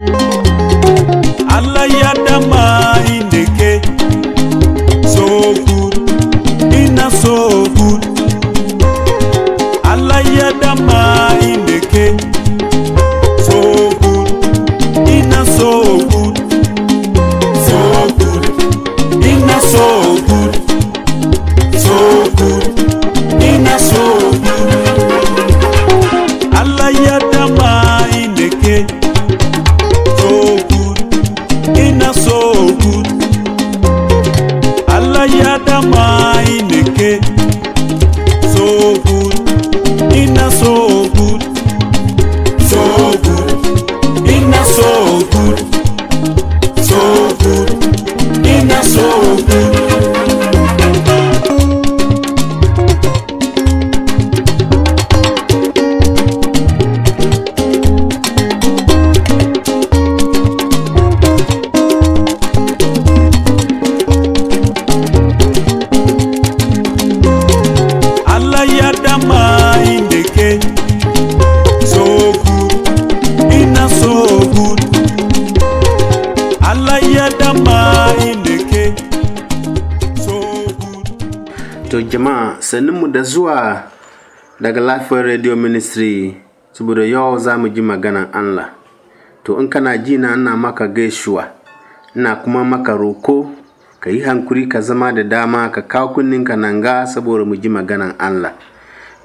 you To jama'a sannunmu da zuwa daga Lafiyar Radio Ministry saboda yau za mu ji maganan Allah. To in kana ji na ina maka gaishuwa, na kuma maka roko, ka yi hankuri ka zama da dama ka kawo kunninka nan ga saboda mu ji maganan Allah.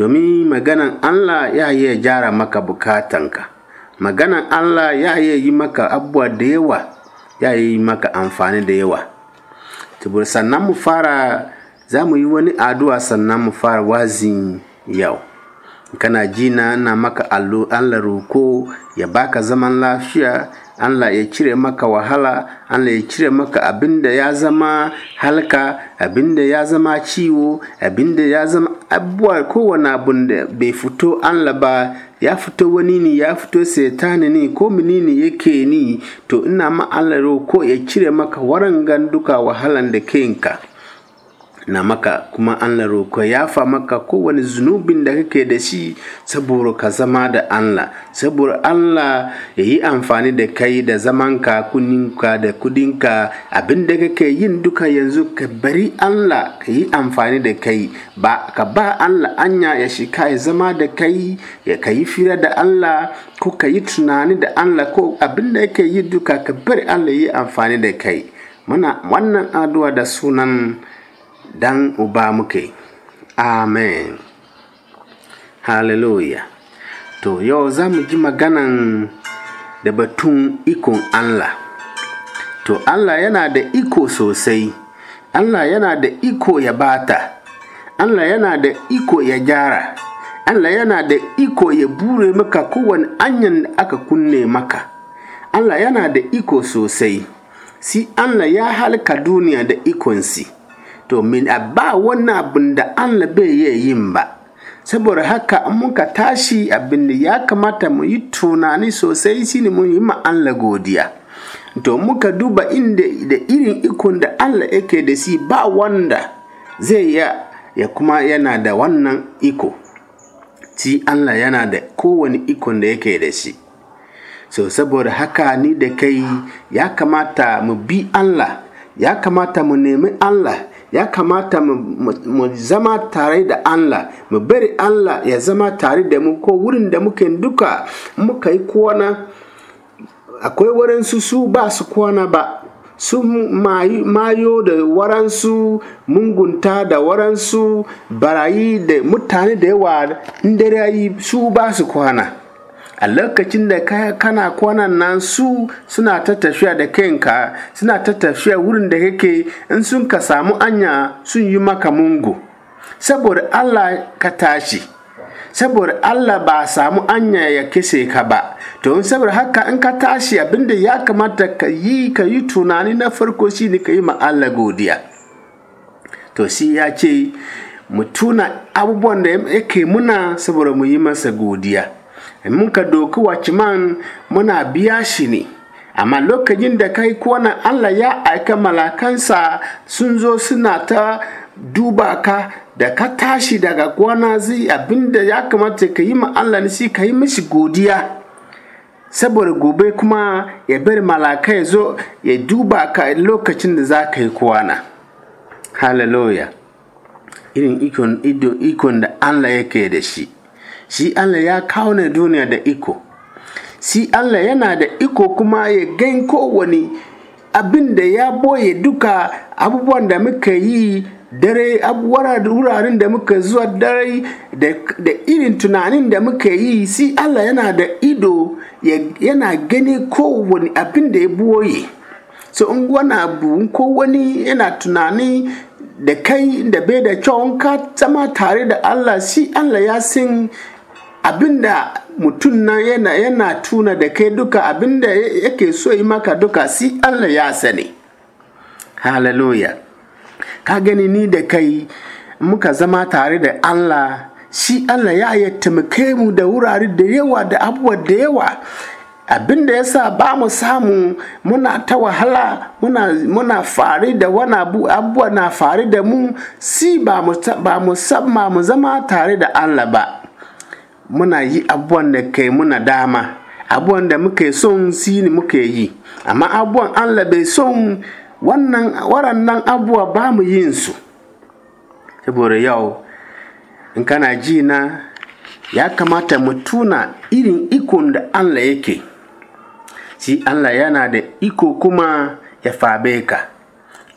Domin maganan Allah ya iya jara maka bukatanka, maganan Allah ya iya yi maka abubuwa da yawa, ya yi maka amfani da yawa. Tubur sannan mu fara za mu yi wani addu'a sannan mu fara wazin yau kana jina na maka allo, Allah roko ya baka zaman lafiya Allah ya cire maka wahala Allah ya cire maka abinda ya zama halka abinda ya zama ciwo abinda ya zama abubuwa kowane abun da bai fito Allah ba ya fito wani ne ya fito setani ne ko ne yake ni to ina ma Allah roko ya cire maka warangan duka wahalan da kenka na maka kuma Allah ya yafa maka kowane zunubin da kake da shi saboda ka zama da Allah saboda Allah ya yi amfani da kai da zamanka kuninka da kudinka abin da kake yin duka yanzu ka bari Allah ka yi amfani da kai ba ka ba Allah anya ya shika ya zama da kai ya ka yi fira da Allah ko ka yi tunani da Allah ko abin da kake yi duka ka bari Allah ya yi amfani da kai muna wannan addu'a da sunan dan uba muke amen hallelujah to yau za mu ji maganan da batun ikon allah to allah yana da iko sosai allah yana da iko ya bata allah yana da iko ya gyara allah yana da iko ya bure maka kowane anyan da aka kunne maka allah yana da iko sosai si allah ya halka duniya da ikonsi domin a ba wani abin da Allah bai iya yin ba saboda haka in muka tashi abin da ya kamata mu yi tunani sosai shine mu yi ma Allah godiya to muka duba inda da irin ikon da Allah yake da shi ba wanda zai ya ya kuma yana da wannan iko ci Allah yana da kowane ikon da yake da shi so saboda haka ni da kai ya kamata mu bi Allah ya kamata mu nemi Allah ya kamata mu zama tare da Allah mu bari Allah ya zama tare da mu ko wurin da muke duka muka yi akwai wurin su ba su kwana ba su mayo da waransu mungunta da waransu barayi da mutane da yawa in dare su ba su kwana a lokacin da kana kwanan nan su suna ta tafiya da kanka suna ta tafiya wurin da kake in sun ka samu anya sun yi maka mungu saboda allah ka tashi saboda allah ba samu anya ya kese ka ba to in saboda haka in ka tashi abinda ya kamata ka yi ka yi tunani na farko ne ka yi ma allah godiya to shi ya ce mu tuna abubuwan da yake muna saboda mu yi masa godiya in muka doki watchman muna biya shi ne amma lokacin da kai kuwanan allah ya aika malakansa sun zo suna ta duba ka da ka tashi daga kwana zai abinda ya kamata ka yi ma allah ka yi mishi godiya saboda gobe kuma ya bari malaka ya zo ya duba ka lokacin da za ka yi kwana hallelujah irin ikon da allah yake da shi shi Allah ya kawo duniya da iko si Allah yana da iko kuma ya gan kowane abin da ya boye duka abubuwan da muka yi dare abubuwan wuraren da muka zuwa dare da irin tunanin da muka yi si Allah yana da ido yana gani kowane abin da ya boye so in wani abu ko wani yana tunani da kai da bai da kyau ka zama tare da Allah si Allah ya sin abinda mutum nan yana yana tuna da kai duka abinda yake so yi maka duka si Allah ya sani hallelujah ka gani ni da kai muka zama tare da Allah shi Allah ya yi taimake mu da wurare da yawa da abubuwa da yawa abin da yasa ba mu samu muna ta wahala muna, muna fari da wani abubuwa na fari da mu si ba mu, ba mu zama tare da Allah ba muna yi abubuwan da kai muna dama abubuwan da muke son si ne muke yi amma abubuwan Allah bai son wannan waɗannan abubuwa ba mu yin su saboda yau in kana ji na ya kamata mu tuna irin ikon da Allah yake si Allah yana da iko kuma ya fabe ka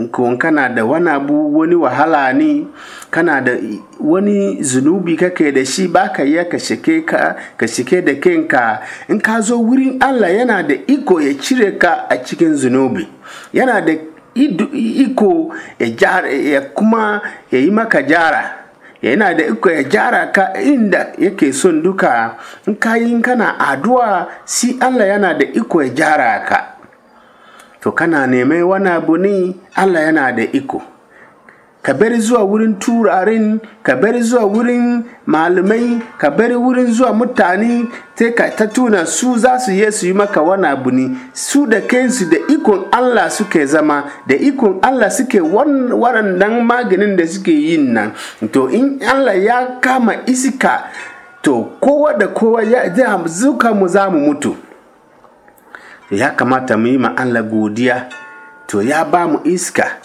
ko kana da wani abu wani wahala ne kana da wani zunubi kake da shi ba ka yi ka shike da kanka in ka zo wurin Allah yana da iko ya cire ka a cikin zunubi yana da iko ya kuma ya yi maka jara yana da iko ya gyara ka inda yake son duka in kayi kana addu'a si Allah yana da iko ya gyara ka to kana neme wani abu ne Allah yana da iko ka bari zuwa wurin turarin ka bari zuwa wurin malamai ka bari wurin zuwa mutane sai ka ta tuna su za su yi su yi maka wani abu ne su da kansu da ikon Allah suke zama da ikon Allah suke waɗannan maganin da suke yin nan to in Allah ya kama isika to kowa da kowa ya zuka mu za mu mutu ya kamata mu yi ma Allah godiya to ya ba mu iska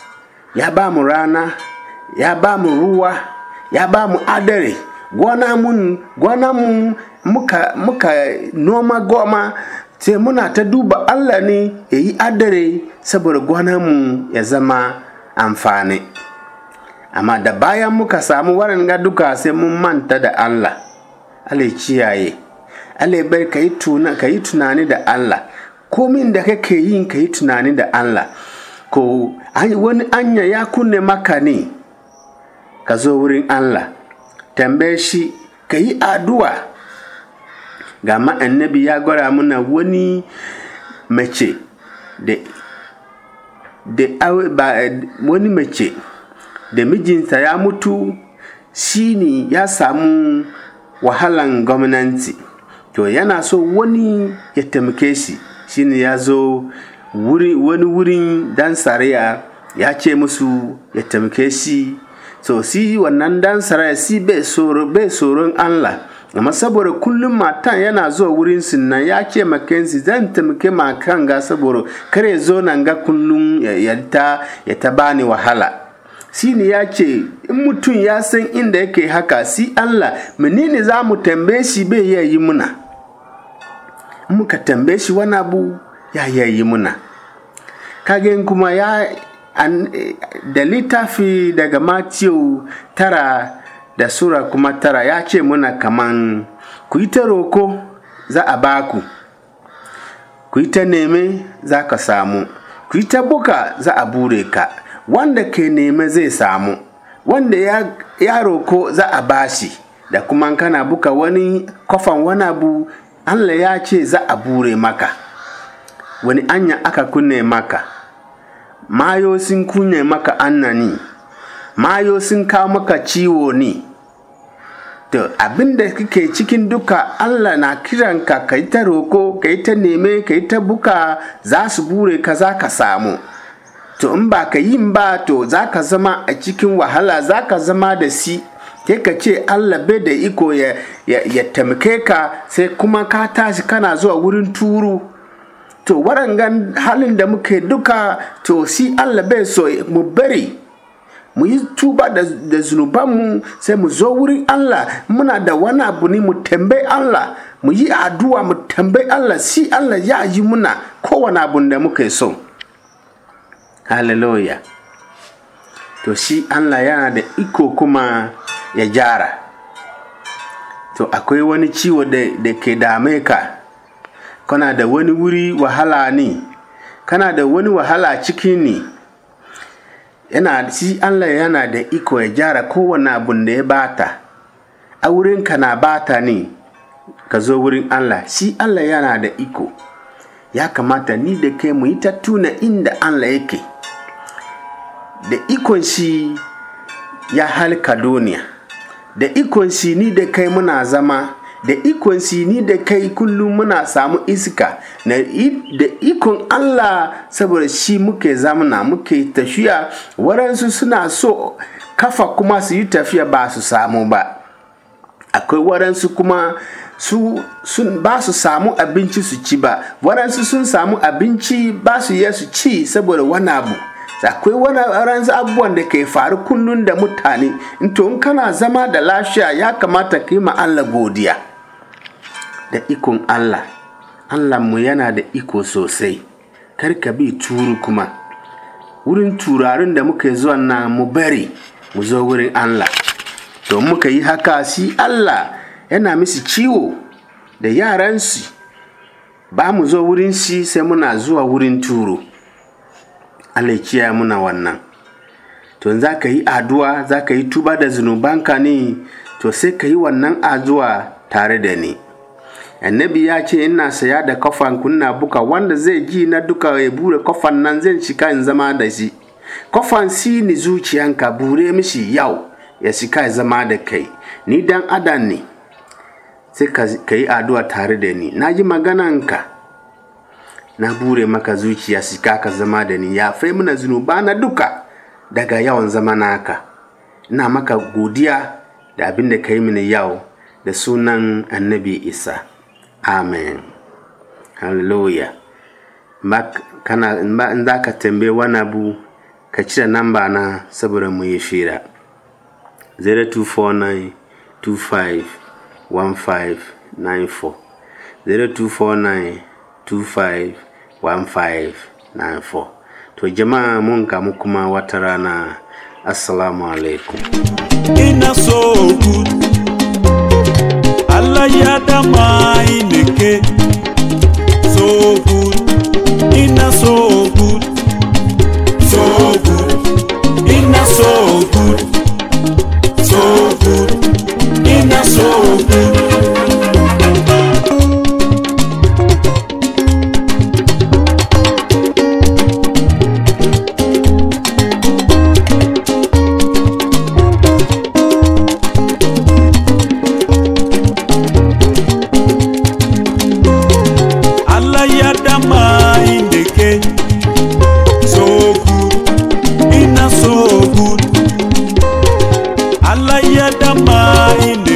ya ba mu rana ya ba mu ruwa ya ba mu adare gona mun gona mun muka muka noma goma sai muna ta duba Allah ne ya yi adare saboda gona mu ya zama amfani amma da bayan muka samu warin ga duka sai mun manta da Allah Allah kiyaye Allah bar ka yi tunani da Allah komin da kake yin ka yi tunani da Allah ko wani anya ya kunne maka ne ka zo wurin Allah tambaye shi ka yi addu'a ga annabi ya gwara muna wani mace da wani mace da mijinta ya mutu shi ya samu wahalan gwamnati to yana so wani ya taimake shi shine ya zo wani wurin dan saraya ya ce musu ya tamke shi so si wannan dan saraya si bai tsoron Allah amma saboda kullum matan yana zuwa wurin nan ya ce makensi zan taimake makan ga saboda kare zo nan ga kullum ya ta bani wahala ne ya ce in mutum ya san inda yake haka si Allah menene za mu tambaye shi bai iya yi muna muka tambaye shi wani abu ya yayi muna kagen kuma ya da littafi daga matthew tara da sura kuma tara ya ce muna kaman ku yi ta roko za a baku ku yi ta neme za ka samu ku yi ta buka za a bure ka wanda ke neme zai samu wanda ya, ya roko za a bashi da kuma kana buka wani kofan wani abu Allah ya ce za a bure maka wani anya aka kunne maka mayo sun kunne maka annani mayo sun kawo maka ciwo ne to abin da kake cikin duka Allah na kiranka ka yi ta roko ka yi ta neme ka yi ta buka za su bure ka za ka samu to in ba ka yi ba to za ka zama a cikin wahala za ka zama da si ke ka ce Allah bai da iko ya, ya, taimake ka sai kuma ka tashi kana zuwa wurin turu to waɗangan halin da muke duka to si Allah bai so mu bari mu yi tuba da, da zunubanmu sai mu zo wurin Allah muna da wani abu ne mu tambayi Allah mu yi addu'a mu tambayi Allah si Allah ya yi muna kowane abun da muke so hallelujah to si Allah yana da iko kuma ya gyara to akwai wani ciwo da ke dame ka kana da wani wuri wahala ne kana da wani wahala ciki ne yana si Allah yana da iko ya gyara kowane abun da ya bata a wurinka na bata ne ka zo wurin Allah si Allah yana da iko ya kamata ni da kai mu yi ta tuna inda Allah yake da ikon shi ya halka duniya da ikon shi ni da kai muna zama da ikon shi ni da kai kullum muna samu iska da ikon Allah saboda shi muke zamana muke tafiya waransu suna so kafa kuma su yi tafiya ba su samu ba akwai waransu kuma su sun ba su samu abinci su ci ba waransu sun samu abinci ba su yi su ci saboda wani abu akwai wani ran abubuwan da ke faru kullum da mutane in to in kana zama da lafiya ya kamata ka yi ma Allah godiya da ikon Allah Allah mu yana da iko sosai kar ka bi turu kuma wurin turarin da muka zuwa na mu bari mu zo wurin Allah to muka yi haka si Allah yana misi ciwo da yaransu ba mu zo wurin shi sai muna zuwa wurin turu Allah ya muna wannan to za ka yi addu'a za ka yi tuba da zunubanka ne to sai ka yi wannan azuwa tare da ni annabi ya ce ina saya da kafan kunna buka wanda zai ji na duka ya bure kafan nan zai shika in zama da shi kafan si ni zuciyanka bure mishi yau ya shika ya zama da kai ni dan adam ne sai ka yi addu'a tare da ni na ji ka. na bure maka zuciya si ka zama da ni ya fai mana zunubana duka daga yawan zama naka ina maka godiya da abin da ka yi mini yau da sunan annabi isa amen hallelujah kana in za ka tambaye wani abu ka cire namba na saboda mu yi fira 0249 0249 251594 to jama'a munka mukuma watarana assalamu alaikum ina so good Allah ya dama ineke so good ina so good so good ina so good so good ina so good binadamu ini